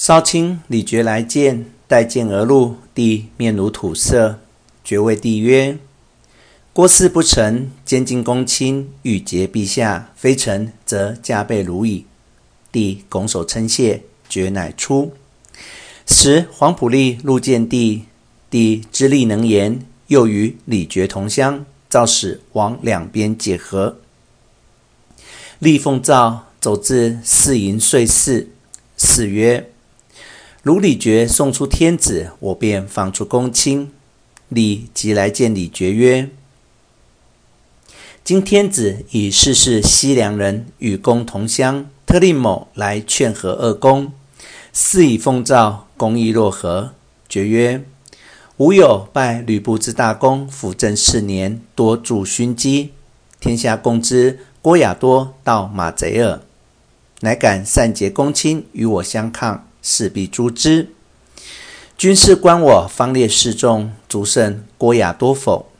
少頃李傕來見，帶劍而入。帝面如土色。傕謂帝曰：“郭汜不臣，監禁公卿，欲劫陛下，非臣則駕被擄矣。”帝拱手稱謝，傕乃出。時皇甫酈入見帝，帝知酈能言，又與李傕同鄉，詔使往兩邊解和。酈奉詔走至汜營，遂四。汜曰：如李傕送出天子，我便放出公卿。李即來見李傕曰：“今天子以世世西涼人與公同鄉，特令某來勸和二公，汜已奉詔，公意若何？”傕曰：“吾有敗呂布之大功，輔政四年，多助勳績，天下共知。郭雅多盜馬賊耳，乃敢擅結公卿與我相抗。”勢必誅之。君試觀我方略士眾，足勝郭汜多否？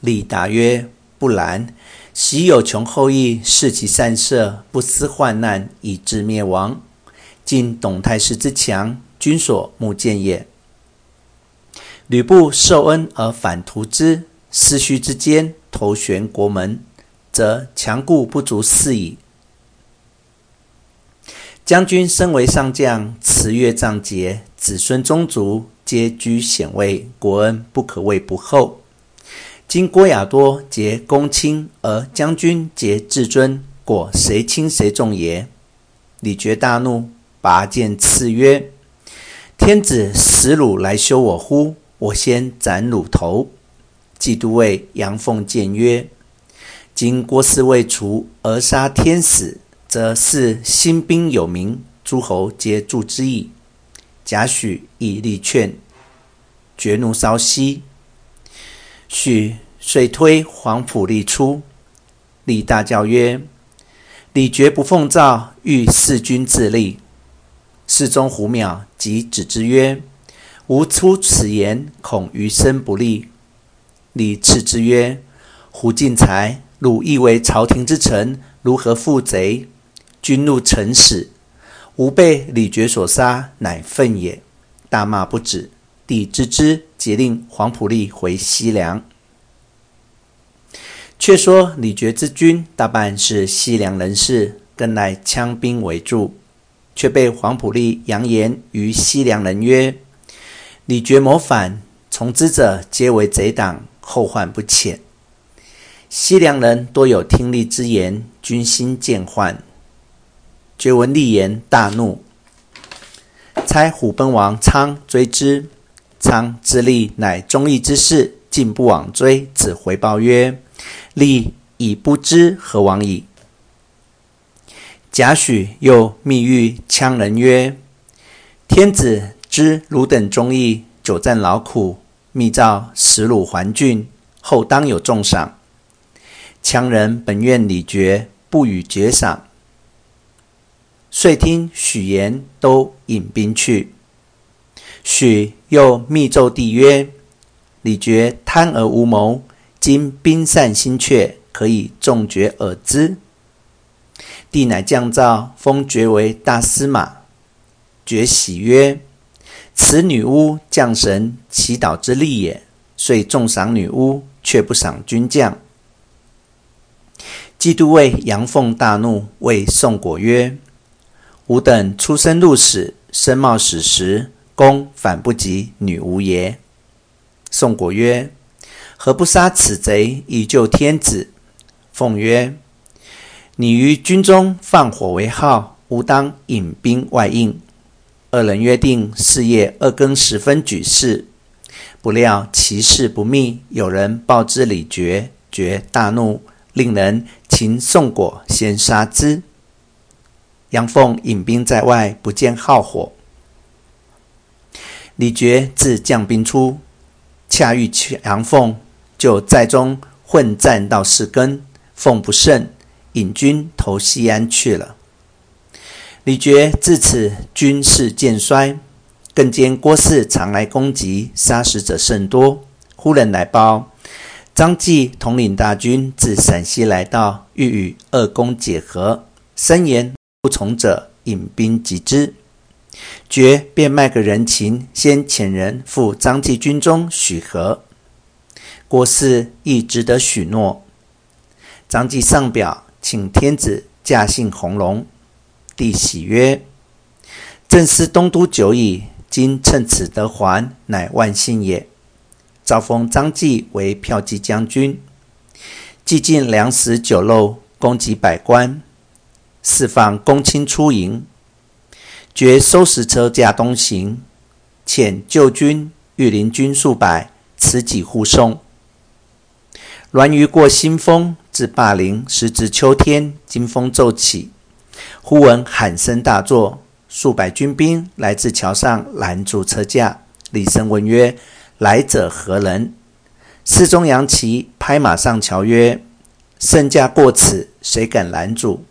李達曰：“不然。昔有窮后羿恃其善射，不思患難，以致滅亡。今董太師之強，君所目見也。呂布受恩而反圖之，斯須之間，頭懸國門，則強固不足恃矣。”將軍身為上將，持鉞仗節，子孫宗族皆居顯位，國恩不可謂不厚。今郭雅多結公卿，而將軍結至尊，果誰輕誰重也？李傕大怒，拔劍叱曰：“天子使汝來羞我乎？我先斬汝頭！”騎都尉楊奉諫曰：“今郭汜未除，而殺天使。”則是興兵有名，諸侯皆助之矣。賈詡亦力勸，傕怒稍息。詡遂推皇甫酈出，酈大叫曰：“李傕不奉詔，欲弒君自立。”侍中胡邈即止之曰：“吾出此言恐於身，恐餘生不利。”酈叱之曰：“胡進才，汝亦為朝廷之臣，如何負賊？”君怒臣死，吾被李傕所殺，乃憤也，大罵不止。帝知之，之，即令皇甫酈回西涼。卻說李傕之軍大半是西涼人士，更乃羌兵為助，卻被皇甫酈揚言於西涼人曰：“李傕謀反，從之者皆為賊黨，後患不淺。”西涼人多有聽酈之言，軍心漸渙。覺聞立言，大怒，差虎賁王昌追之。昌之立乃忠義之士，竟不往追。只回報曰：“立已不知何往矣。”賈詡又密諭羌人曰：“天子知汝等忠義，久戰勞苦，密詔使汝還郡，後當有重賞。”羌人本願禮爵，不與爵賞。遂聽許言，都引兵去。許又密奏帝曰：“李覺貪而無謀，今兵散心怯，可以眾覺耳之。”帝乃降詔，封覺為大司馬。覺喜曰：“此女巫降神祈禱之力也。”遂重賞女巫，卻不賞軍將。基都尉楊鳳大怒，謂宋果曰：吾等出生入死，身冒矢石，功反不及女巫耶？宋果曰：“何不殺此賊以救天子？”奉曰：“你於軍中放火為號，吾當引兵外應。”二人約定是夜二更時分舉事。不料其事不密，有人報之李傕，傕大怒，令人擒宋果，先殺之。楊鳳引兵在外，不見號火。李傕自將兵出，恰遇楊鳳，就寨中混戰到四更。鳳不勝，引軍投西安去了。李傕自此軍勢漸衰，更兼郭汜常來攻擊，殺死者甚多。忽然來報，張濟統領大軍自陝西來到，欲與二公解和，申言。不從者，引兵擊之。傕便賣個人情，先遣人赴張繼軍中許和。郭汜亦只得許諾。張繼上表，請天子駕幸弘農。帝喜曰：“朕思東都久矣，今趁此得還，乃萬幸也。”詔封張繼為驃騎將軍，既盡糧食酒肉，供給百官。釋放公卿出營，決收拾車駕東行，遣舊軍、御林軍數百，持戟護送。鑾輿過新豐，至霸陵，時值秋天，金風驟起，忽聞喊聲大作，數百軍兵來至橋上攔住車駕。厲聲問曰：“來者何人？”侍中楊琦，拍馬上橋曰：“聖駕過此，誰敢攔阻？”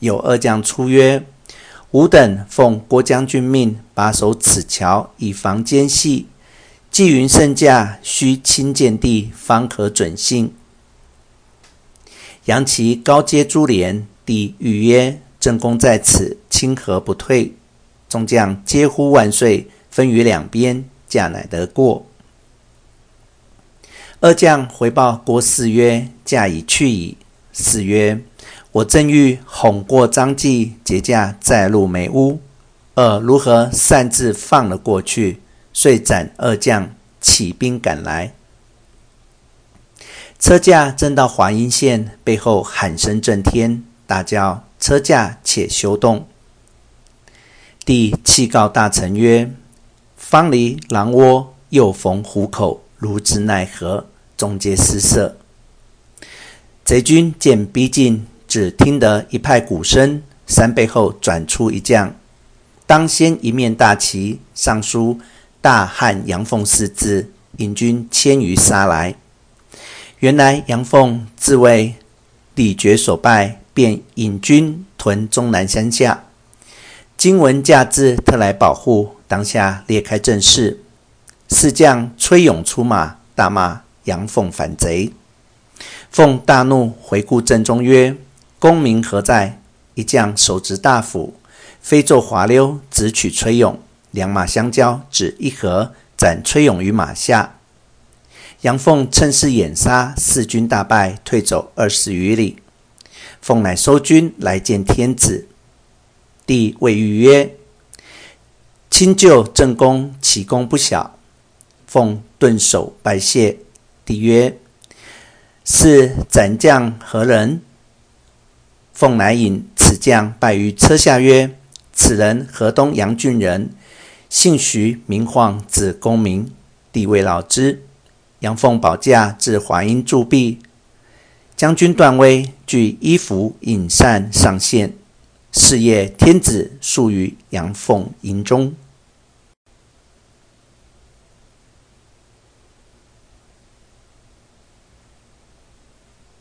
有二將出曰：“吾等奉郭將軍命，把守此橋，以防奸細。既云聖駕，需親見帝，方可准信。陽高階”楊旗高揭珠簾，帝諭曰：“正公在此，清何不退？”眾將皆呼萬歲，分於兩邊，駕乃得過。二將回報郭汜曰：“駕已去矣。”汜曰：我正欲哄過張繼結駕再入梅屋，二、呃、如何擅自放了過去？遂斬二將，起兵趕來。車駕正到華陰縣，背後喊聲震天，大叫：“車駕且休動！”帝泣告大臣曰：“方離狼窩，又逢虎口，如之奈何？”眾皆失色。賊軍見逼近。只聽得一派鼓聲，山背後轉出一將，當先一面大旗，上書“大漢楊奉”四字，引軍千餘殺來。原來楊奉自為李傕所敗，便引軍屯終南山下。今聞駕至，特來保護。當下列開陣勢，四將崔勇出馬，大罵楊奉反賊。奉大怒，回顧陣中曰公明何在？一將手執大斧，飛驟驊騮，直取崔勇。兩馬相交，只一合，斬崔勇於馬下。楊奉趁勢掩殺，四軍大敗，退走二十餘里。奉乃收軍來見天子，帝慰諭曰：“卿救朕躬，其功不小。”奉頓首拜謝。帝曰：“是斬將何人？”奉乃引此將拜於車下曰：“此人河東楊郡人，姓徐，名晃，字公明，帝慰勞之。楊奉保駕至華陰駐跸，將軍段煨，具衣服飲膳上獻，是夜天子宿於楊奉營中。”